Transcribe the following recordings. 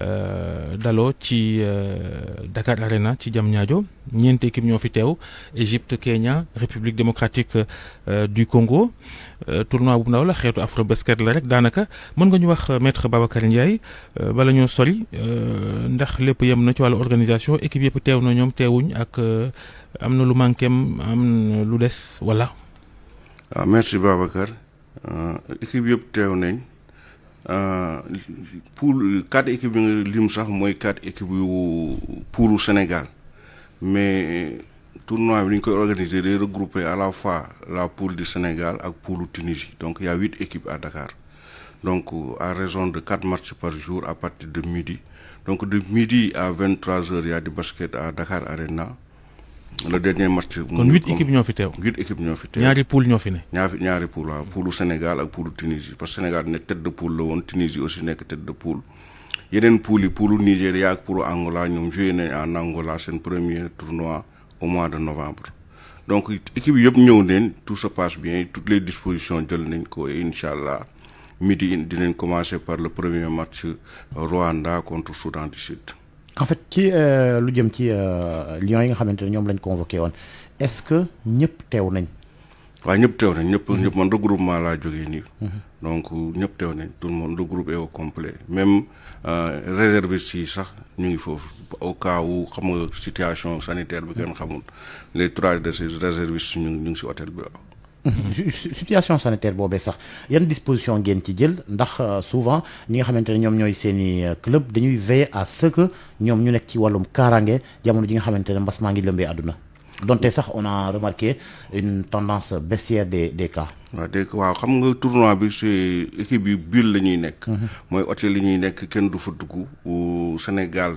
Euh, Dalo ci euh, Dakar Arena ci Diamniadio ñent équipe ñofi tew Égypte Kenya République démocratique euh, du Congo tournoi bu ndaw la xeetu Afrobasket la rek Danaka, mën nga ñu wax maître Babacar Ndiaye bala ñu sori ndax lépp yëm na ci wala organisation équipe yëpp tew na ñom tewuñ ak am lu mankem am lu dess wala. Ah, merci Babacar équipe yëpp tew euh, pour quatre équipes quatre équipes pour le Sénégal mais tournoi le monde a organisé organiser regrouper à la fois la poule du Sénégal et la poule de Tunisie donc il y a huit équipes à Dakar donc à raison de quatre matchs par jour à partir de midi donc de midi à 23h il y a du basket à Dakar Arena le dernier match. kon huit équipes ont fait 8 huit équipes ont fait teew ñaari poule ñoo fi ne. poule Sénégal ak Tunisie parce que Sénégal ne tête de poule la Tunisie aussi pas tête de poule. a poule yi pour Nigeria ak et Angola ñoom joué nañ en Angola c'est le premier tournoi au mois de novembre. donc équipe yëpp ñëw tout se passe bien toutes les dispositions jël nañ ko et Inshallah, midi dinañ commencer par le premier match Rwanda contre Soudan du Sud en fait ci euh, lu jëm ci euh, lion yi nga xamante ne ñoom lañ convoqué woon est-ce que ñëpp teew nañ. waaw ñëpp teew nañ ñëpp ñëpp man regroupement laa jógee nii. Mhm. donc ñëpp teew nañ tout le monde regroupé au complet même euh, réservistes yi sax ñu ngi foofu au cas où xam nga situation sanitaire bi kenn xamul les trois de ces réservistes ñu ngi ñu ngi si hôtel bi waaw situation sanitaire bobé sax yan disposition ngeen ci jël ndax euh, souvent ñi nga xamante ñom ñoy ñooy euh, club dañuy veiller à ce que ñom ñu nek ci walum karangé jamono ji nga xamante mbass ma ngi lembé aduna donté sax on a remarqué une tendance baissière des des cas. wa dék waaw xam nga tournoi bi c'est équipe bi bill lañuy nek mhm. moy hôtel yi ñuy nekk kenn du fa dugg Sénégal.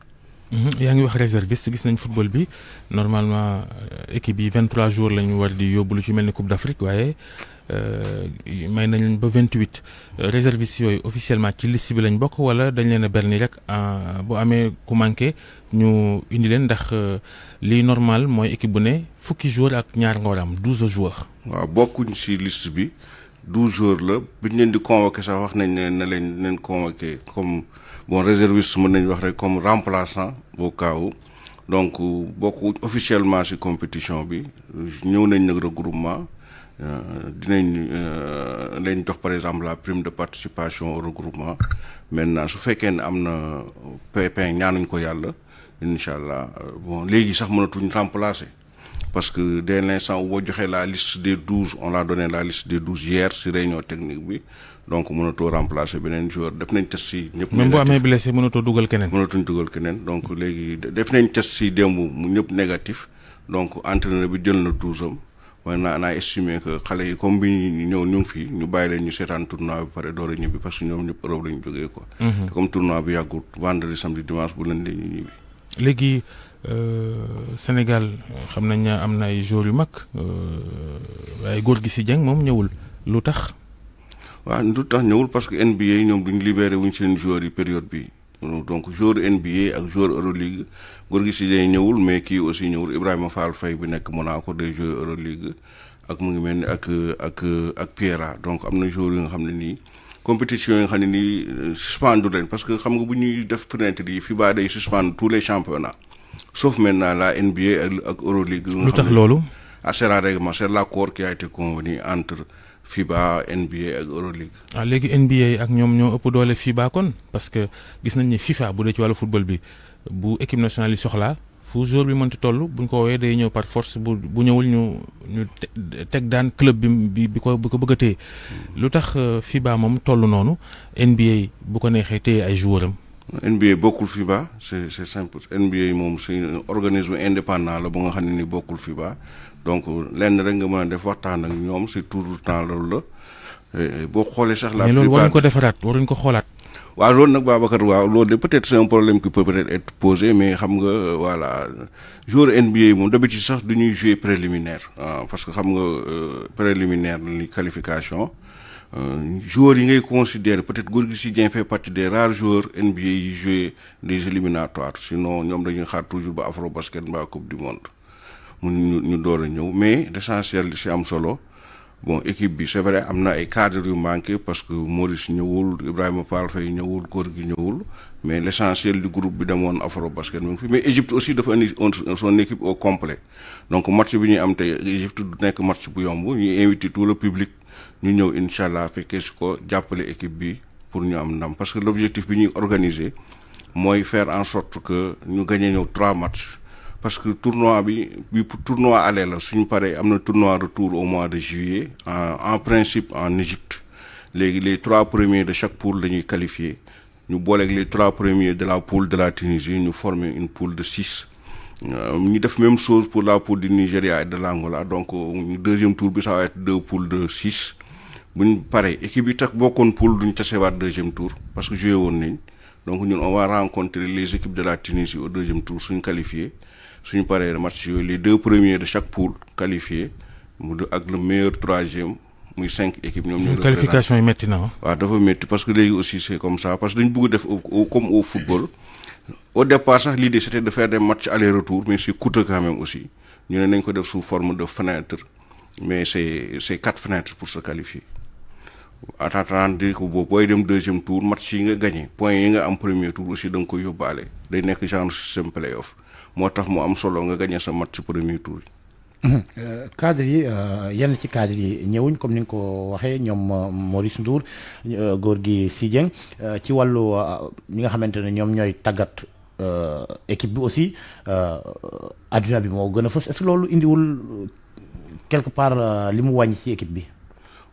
Mhm. yaa ngi wax réserviste gis nañ football normalement euh, équipe yi 23 jours la war di Coupe d'Afrique waaye euh, may nañ réservistes officiellement ci liste bi lañ bokk wala dañ leen a rek bu manqué ñu indi leen ndax euh, normal mooy équipe bu joueurs ak ñaar 12 joueurs. bokkuñ si liste bi 12 jours, comme bon réserviste mën nañ wax rek comme remplaçant au cas où donc officiellement, officiellement ci compétition bi ñëw nañ nag regroupement euh, dinañ euh, leen par exemple la prime de participation au regroupement maintenant su fekkee ne am na pépin ñaanuñ ko yàlla le allah euh, bon léegi sax mënatuñ remplacer parce que dès l'instant où boo joxee la liste des 12, on l'a donné la liste des 12 hier les réunion technique bi donc mënatoo remplacer beneen joueur def nañ test si. ñëpp même bu amee blessé mënatoo dugal keneen. mënatuñ dugal keneen donc léegi def nañ test si démb mu ñëpp négatif donc entraîneur bi jël na douzeam maintenant naa estimé que xale yi comme bi ñu ñëw ñu ngi fi ñu bàyyi leen ñu seetaan tournoi bi pare door a ñibbi parce que ñoom ñëpp Europe la ñu mhm. léegi euh, Sénégal xam nañ ne am na ay joueurs yu mag euh, waaye góor gi si Dieng moom ñëwul lu tax. waaw lu tax ñëwul parce que NBA ñoom duñ libéré wuñ seen joueurs yi période bi donc joueur NBA ak joueur Euroleague Gorgui Sy day ñëwul mais kii aussi ñëwul Ibrahima Fall Faye bi nekk Monaco des joueurs Euroleague ak mu ngi mel ni ak ak ak Piera donc am na jour yi nga xam ne nii compétition yi nga xam ne nii euh, suspendu leen parce que xam nga bu ñuy def fenêtre yi FIBA day suspendre tous les championnats sauf maintenant la NBA ak ak Euroleague. lu tax loolu. ah la règlement c'est entre. FIBA NBA ak Euroleague. waaw ah, léegi NBA ak ñoom ñoo ëpp doole FIBA kon parce que gis nañ ni FIFA bu dee ci wàllu football bi bu équipe nationale yi soxla fu jour bi mënti toll buñ ko woowee day ñëw par force bu bu ñëwul ñu ñu teg daan club bi bi ko bi ko bëgg a lu tax euh, FIBA moom toll noonu NBA bu ko neexee téye ay jouram am. NBA bokkul FIBA c'est c'est simple NBA moom c'est un organisme indépendant la bu nga xam ne nii bokkul FIBA. donc lenn rek nga mën def waxtaan ak ñoom si tout le temps loolu la eh, boo xoolee sax la. mais loolu waruñ ko defaraat waruñ ko xoolaat. waaw loolu nag Babacar waaw loolu de peut-être c'est un problème qui peut peut-être être posé mais xam nga voilà jour NBA yi moom d'habitude sax du jouer préliminaire ah, parce que xam nga euh, préliminaire ni qualification euh, joueurs yi ngay considérer peut-être Gorgui Dieng fait partie des rares joueurs NBA yi jouer des éliminatoires sinon ñoom dañuy xaar toujours ba afro basket mbaa Coupe du Monde ñu a mais l'essentiel c'est si am solo bon équipe bi c'est vrai am na ay cadres yu manqué parce que Maurice ñëwul Ibrahima Fall Faye ñëwul góor gi ñëwul mais l'essentiel du groupe bi demoon Afrobasket mu mais Égypte aussi dafa indi son équipe au complet donc match bi ñuy am tey Égypte du nekk match bu yomb ñu invité tout le public ñu ñëw incha allah fekkee si ko jàppale équipe bi pour ñu am ndam parce que l'objectif bi ñuy organiser mooy faire en sorte que ñu gagné ñëw trois matchs parce que tournoi bi bi tournoi aller la suñu un tournoi tournoi retour au mois de juillet en principe en Égypte les trois premiers de chaque poule sont qualifiés. Nous ñu les trois premiers de la poule de la Tunisie nous formons une poule de six euh, ñu la même chose pour la poule du Nigeria et de l'Angola donc euh, deuxième tour ça va être deux poules de six buñ paré équipe yi tax va poule duñ deuxième tour parce que joué au nañ donc ñun on va rencontrer les équipes de la Tunisie au deuxième tour sont qualifiés suñu paree match les deux premiers de chaque poule qualifiés mu ak le meilleur troisième muy cinq équipes ñom qualification est maintenant na ah. wa dafa parce que aussi c'est comme ça parce que dañu bëgg def comme au football au départ l'idée c'était de faire des matchs aller-retour mais c'est coûteux quand même aussi ñu n'avons nañ ko def sous forme de fenêtre mais c'est c'est quatre fenêtres pour se qualifier attendant, di ko que dem deuxième tour match yi nga gagné point yi nga am premier tour aussi donc il y yobale day nek genre système play-off moo tax mu am solo nga gagné sa match ci premier tour yi. Mhm. Euh, cadre yi euh, yenn ci kaadr yi ñëwuñ comme ni nga ko waxee ñoom euh, Maurice Ndour góor gi si Dieng ci wàllu ñi nga xamante ne ñoom ñooy tàggat équipe bi aussi adduna bi moo gën a fës est loolu indiwul quelque part li mu wàññi ci équipe bi.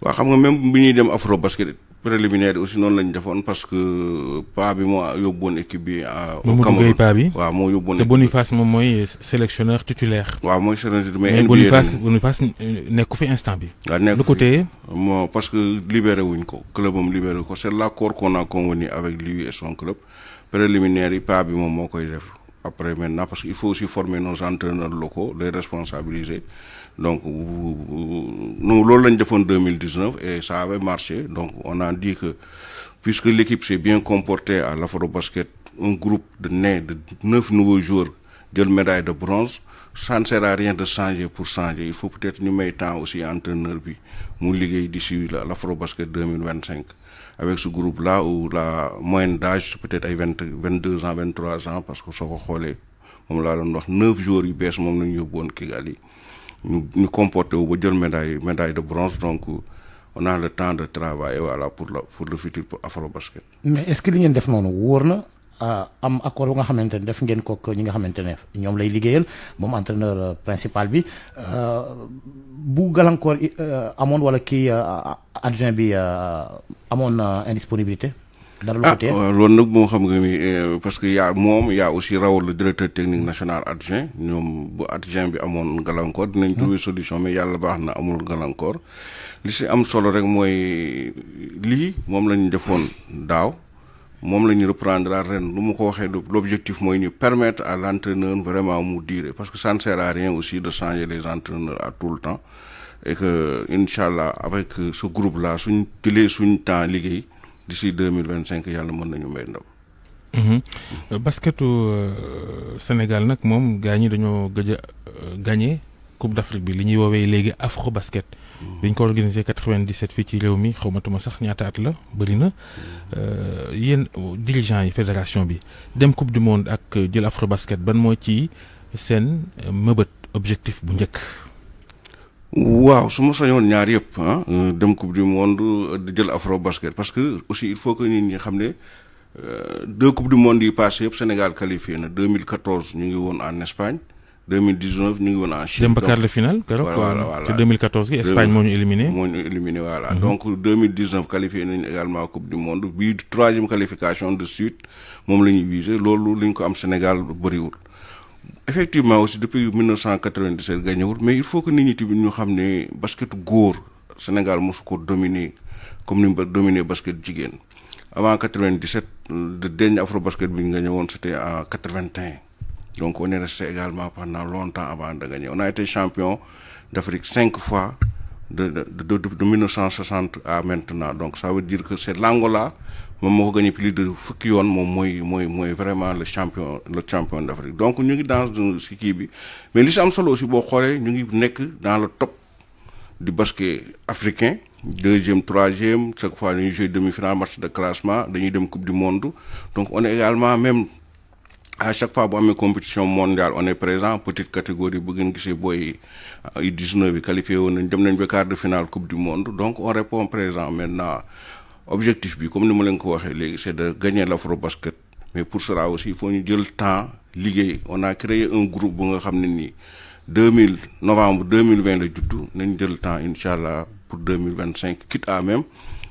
waa xam nga même bu ñuy dem afro basket préliminaire aussi non la ñu parce que euh, pas bi mo yobone équipe bi. au Cameroun paa bi. waaw te Boniface moom mooy sélectionneur titulaire. wa mooy sélectionneur mais. NBA Boniface Boniface euh, nekku fi instant bi. waaw côté. mo parce que libéré wuñ ko club am libéré ko c'est l'accord qu'on a convenu avec lui et son club préliminaire pas bi mom moo koy def après parce qu'il faut aussi former nos entraîneurs locaux, les responsabiliser. Donc, nous l'avons fait en 2019 et ça avait marché. Donc, on a dit que, puisque l'équipe s'est bien comportée à l'afro-basket, un groupe de neuf de nouveaux joueurs de médaille de bronze, ça ne sert à rien de changer pour changer. Il faut peut-être nous mettre aussi entraîneur, puis nous d'ici l'afro-basket 2025 avec ce groupe-là où la moyenne d'âge peut-être à 22 ans 23 ans parce que ça ko on l'a 9 jours de baisse, on la ñu yóbbu Kigali ñu ñu comporter médaille médaille de bronze donc on a le temps de travailler voilà pour pour le futur pour basket mais est-ce que li ñen def noonu wóor Euh, am accord bu nga xamante ne def ngeen ko ñi nga xamante ne ñoom lay liggéeyal entraîneur euh, principal bi euh, bu gàllankoor amon wala ki adjoint bi amoon indisponibilité dara lu ko tee ah loolu nag moo xam nga ni parce que yaa moom yaa aussi rawal le directeur technique national adjoint ñoom bu adjoint bi amoon galangkor, dinañ hmm. trouver solution mais yàlla baax na amul gàllankoor li si am solo rek mooy lii moom lañ defoon daaw moom la ñu reprendre ren lu ma ko permettre à l'entraîneur de vraiment mu parce que ça ne sert à rien aussi de changer les entraîneurs à tout le temps et que Inch'Allah, avec euh, ce groupe là suñ sous suñ temps liggéey d'ici 2025, mille vingt yàlla mën nañu may ndam. Mhm. Euh, basketu euh, Sénégal nag moom gaa ñi dañoo gëj a coupe d'Afrique, Afrique bi li ñuy woowee afro basket biñ ko organisé 97 fii ci réew mi xawmatuma sax ñaata at la bëri na euh, yéen dirigeants yi fédération bi dem coupe du monde ak jël afro basket ban moo ci seen mëbët objectif bu njëkk. waaw suma ma sañoon ñaar yëpp ah, euh, dem coupe du monde euh, jël afro basket parce que aussi il faut que nit ñi xam ne deux coupes du monde yi passé yëpp Sénégal qualifié na 2014 ñu ngi woon en Espagne. 2019 nous avons en Chine. quart 2014 l'Espagne Espagne éliminée. éliminé. Mhm. donc 2019 qualifié également également coupe du monde troisième qualification de suite nous avons visé loolu li Sénégal effectivement aussi depuis 1997 nous gagné. mais il faut que nous nous que le basket Sénégal mosu ko dominer comme avons dominé dominer basket jigéen avant 1997, le dernier afro basket bi avons gagné, c'était en 1981. Donc on est resté également pendant longtemps avant de gagner. On a été champion d'Afrique cinq fois de, 1960 à maintenant. Donc ça veut dire que c'est l'Angola, moi gagné plus de Fukion, moi vraiment le champion, le champion d'Afrique. Donc nous sommes dans ce qui Mais l'Islam Solo aussi, nous sommes dans le top du basket africain. Deuxième, troisième, chaque fois nous jouons demi-finale, match de classement, nous sommes Coupe du Monde. Donc on est également même à chaque fois a une compétition mondiale on est présent petite catégorie bu ngeen gisee 19 euh, qualifié on est dem quart de finale coupe du monde donc on répond présent maintenant objectif comme nous l'avons le ko c'est de gagner l'afro-basket. mais pour cela aussi il faut nous dire le temps on a créé un groupe bu nga dire le 2000 novembre 2020 Nous avons nañ jël temps Inch'Allah, pour 2025 quitte à même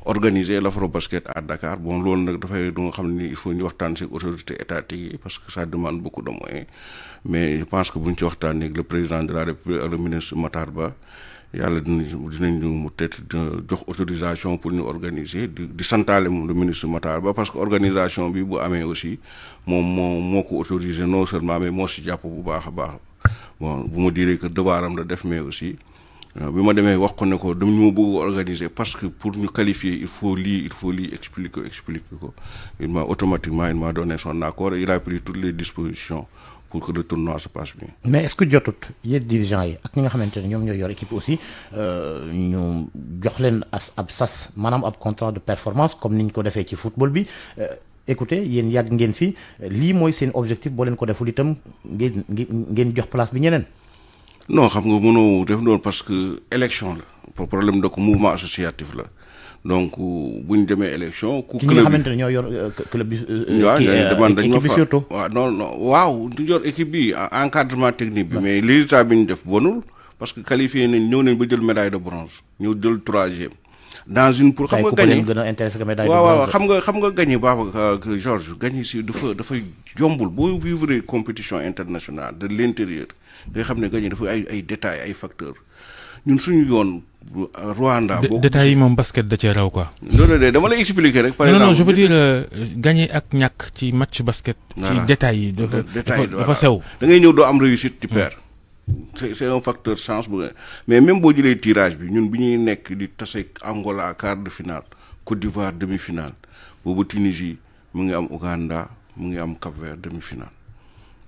organiser l'afrobasket à Dakar bon loolu nag dafay du nga xam ne il faut ñu waxtaan si autorité étatique yi parce que ça demande beaucoup de moyens mais je pense que bu ñu ci waxtaanee ak le président de la république ak le ministre Matar Ba yàlla dinañ dinañu mu tët jox autorisation pour ñu organiser di di le ministre Matar Ba parce que organisation bi bu amee aussi moom moo moo ko autorisé non seulement mais moo si jàpp bu baax a baax bon bu ma diree que dewaaram la def mais aussi. Euh, bi ma demee wax ko ne ko dama ñu bëgg organiser parce que pour ñu qualifier il faut lii il faut lii expliquer expliquer ko il m'a automatiquement il m'a donné son accord il a pris toutes les dispositions pour que le tournoi se passe bien. mais est-ce que jotut yéen dirigeants yi ak ñi nga xamante ne ñoom ñoo yor équipe aussi euh, ñu jox leen ab sas maanaam ab contrat de performance comme niñ ko defee ci football bi. Euh, écoutez yéen yàgg ngeen fi lii mooy seen objectif boo leen ko deful itam ngeen ngeen jox place bi ñeneen non xam nga mënoo def doon parce que élection la pour problème de mouvement associatif la donc euh, bu ñu demee élection. ku club yi ñi nga xamante ñoo yor euh, club bi. waaw euh, non non waaw ñu yor équipe bi encadrement technique bi. mais résultat bi ñu def bonul. parce que qualifié nañ ñëw nañ ba jël médaille de bronze ñëw jël 3e dans une pour xam nga gagné gën a intéressé médaille waaw waaw xam nga xam nga gagné Babacar Georges gagné si dafa dafa yombul boo vivre compétition internationale de l'intérieur. day xam ne gagné dafa ay ay détails ay facteur ñun suñu yoon. Rwanda boo détails yi moom basket da cee raw quoi. non non dama lay expliquer rek. par exemple non je veux dire euh, gagné ak ñàkk ci match basket. ci détails yi dafa dafa sew. da ngay ñëw doo am réussite ci hmm. paire. c'est un facteur chance bu mais même boo jëlee tirage bi ñun bu ñuy nekk di tase Angola quart de finale Côte d'Ivoire demi-finale boobu Tunisie mu ngi am Ouganda mu ngi am Cap-Vert demi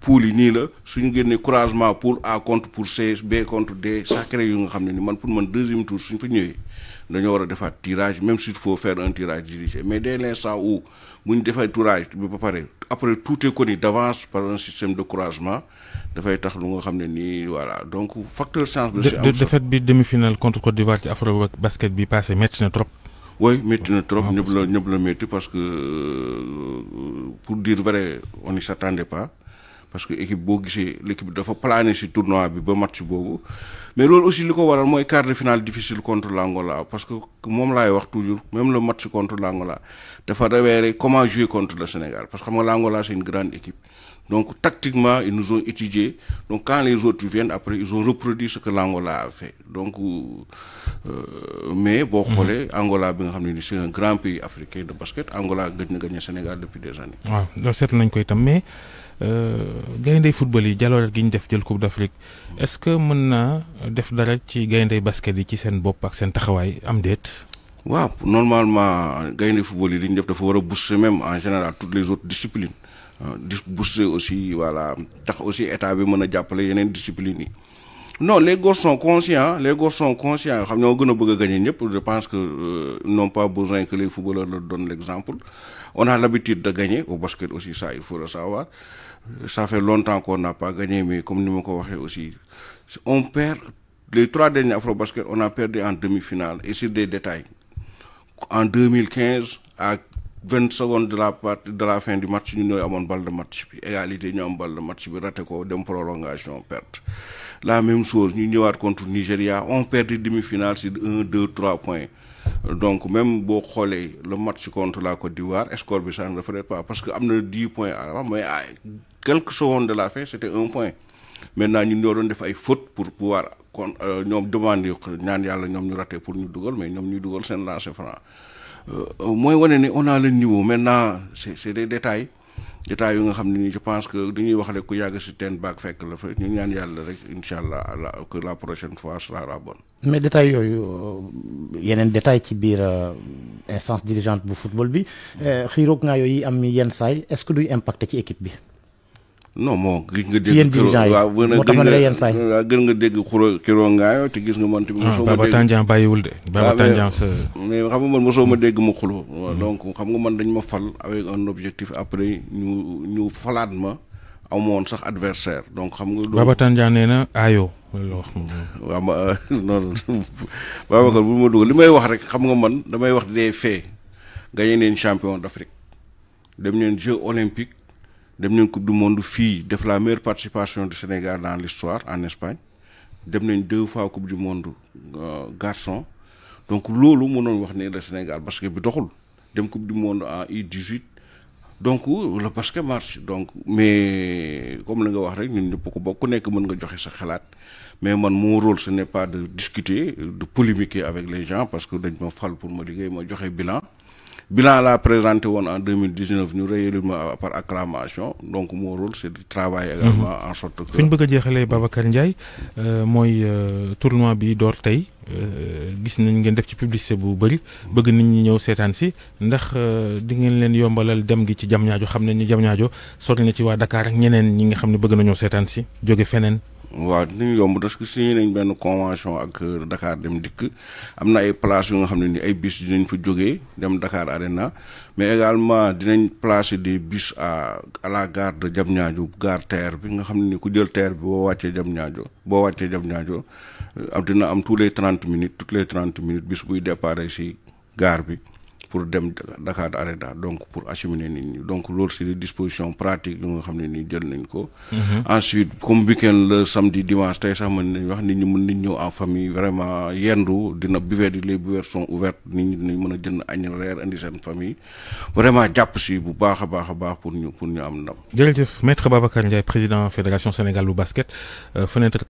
Pour ni si la suñu génnee couragement pour A contre pour C B contre D sacré yu nga xamné ni man pour man deuxième tour suñ fa ñëwé dañu wara a tirage même s'il faut faire un tirage dirigé mais dès l'instant où on ñu tirage bi ba après tout est connu d'avance par un système de da fay tax lu nga xamné ni voilà donc facteur chance. bi de défaite bi demi-finale contre Côte d'Ivoire ci afro basket bi passé Match na trop. oui match na trop ne la ñëpp parce que euh, pour dire vrai on ne s'attendait pas parce que l'équipe l'équipe dafa planer ce tournoi bi ba match mais l'autre aussi le ko waral quart de finale difficile contre l'Angola parce que toujours même le match contre l'Angola il faut révéler comment jouer contre le Sénégal parce que l'Angola c'est une grande équipe donc tactiquement ils nous ont étudié donc quand les autres viennent après ils ont reproduit ce que l'Angola a fait donc euh, mais vous mhm. xoolee Angola c'est un grand pays africain de basket Angola a gagné le Sénégal depuis des années waaw donc nañ ko mais euh, gayndey football yi jaloore gi ñu def jël coupe d'Afrique est-ce que mën def dara ci basket yi ci sen bop ak sen taxaway am waaw normalement gaynde football yi li ñu def dafa war même en général toutes les autres disciplines euh, di booster aussi voilà tax aussi état bi mën a disciplines non les gosses sont conscients hein, les gosses sont conscients xam gagner ñëpp je pense que euh, n'ont pas besoin que les footballeurs leur donnent l'exemple on a l'habitude de gagner au basket aussi ça il faut le savoir ça fait longtemps qu'on n'a pas gagné, mais comme nous l'avons aussi, on perd, les trois derniers Afro-Basket, on a perdu en demi-finale, et c'est des détails. En 2015, à 20 secondes de la, de la fin du match, nous avons une balle de match, égalité, nous avons une balle de match, nous avons une prolongation, perte. La même chose, nous avons contre Nigeria, on perd les demi finale c'est 1, 2, 3 points. Donc, même si beau le match contre la Côte d'Ivoire, est-ce ça ne ferait pas Parce qu'il y a 10 points, mais ah, quelques secondes de la fin c'était un point maintenant nous avons fait def ay fautes pour pouvoir demander euh, ñoom demande yu ñaan raté pour nous dougal, mais nous ñu dugal seen lancer franc euh, mooy wane on a le niveau maintenant c'est des détails détails nga je pense que nous waxale ku yàgg si que nous avons la fa ñu ñaan yàlla rek incha la que la prochaine fois sera la bonne. mais détails yooyu euh, yeneen détail ci biir instance dirigeante du football bi xiiroog a yooyu am yenn est-ce que duy impacté ci équipe bi. non moo gis nga dégg kiro waaw gën a gën nga gën nga dégg xuro kiro ngaayo te gis nga man tamit ah, mosoo ma dégg tanjan bàyyiwul de baba tanjan sa mais xam nga man mosoo ma dégg ma xulo donc xam nga man dañ ma fal avec un objectif après ñu ñu falaat ma amoon sax adversaire donc xam nga baba tanjan neena ayo loolu wax waaw ma non babacar bu ma dugal li may wax rek xam nga man damay wax des faits gagné neen champion d'afrique dem neen jeu olympique dem une coupe du monde fii def la meilleure participation du Sénégal dans l'histoire en Espagne dem nañ deux fois coupe du monde euh, garçon donc loolu mënoon wax ne le Sénégal Parce que bi doxul dem coupe du monde en 18 donc le basket marche donc mais comme la nga wax rek ñun ñëpp ko bokk ku nekk mën nga joxe sa mais mon rôle ce n'est pas de discuter de polémiquer avec les gens parce que dañ ma fal pour ma liggéey ma joxe bilan bilan laa présenté woon en 2019 ñu réélu ma par acclamation donc mon rôle c' est de mhm. en sorte fi ñu bëgg a jeexalee Babacar Ndiaye euh, mooy euh, tournoi bi door tey euh, gis nañ ngeen def ci publicité bu bëri bëgg nit ñi ñëw seetaan si ndax di ngeen leen yombalal dem gi ci jam ñaajo xam ne ñu jam ñaajo sori na ci waa Dakar ak ñeneen ñi nga xam ne bëgg nañoo seetaan si jóge feneen. waaw dinañ yomb parce que signé nañ benn convention ak euh, dakaar dem dikk am na ay places yu nga xam ne ni ay bus dinañ fa jógee dem Dakar Arena mais également dinañ placer des bus à à la gare ñaajo Diamniadio gare terre bi nga xam ne ni ku jël terre bi boo wàccee ñaajo boo wàccee Diamniadio euh, am dina am tout les trente minutes toutes les trente minutes bis buy départ si gare bi pour dem Dakar Arena donc pour acheminer nit ñi donc loolu c'est des dispositions pratiques yu nga xam ne nii jël nañ ko. Mhm. ensuite comme week-end le samedi dimanche tey sax mën nañ wax nit ñu mën nañ ñëw en famille vraiment yendu dina buvette yi les buvettes sont ouvertes nit ñi dinañ mën a jënd añ reer indi seen famille vraiment jàpp si bu baax a baax a baax pour ñu pour ñu am ndam. jërëjëf maître Babacar Ndiaye président fédération Sénégal bu basket euh, fenêtre.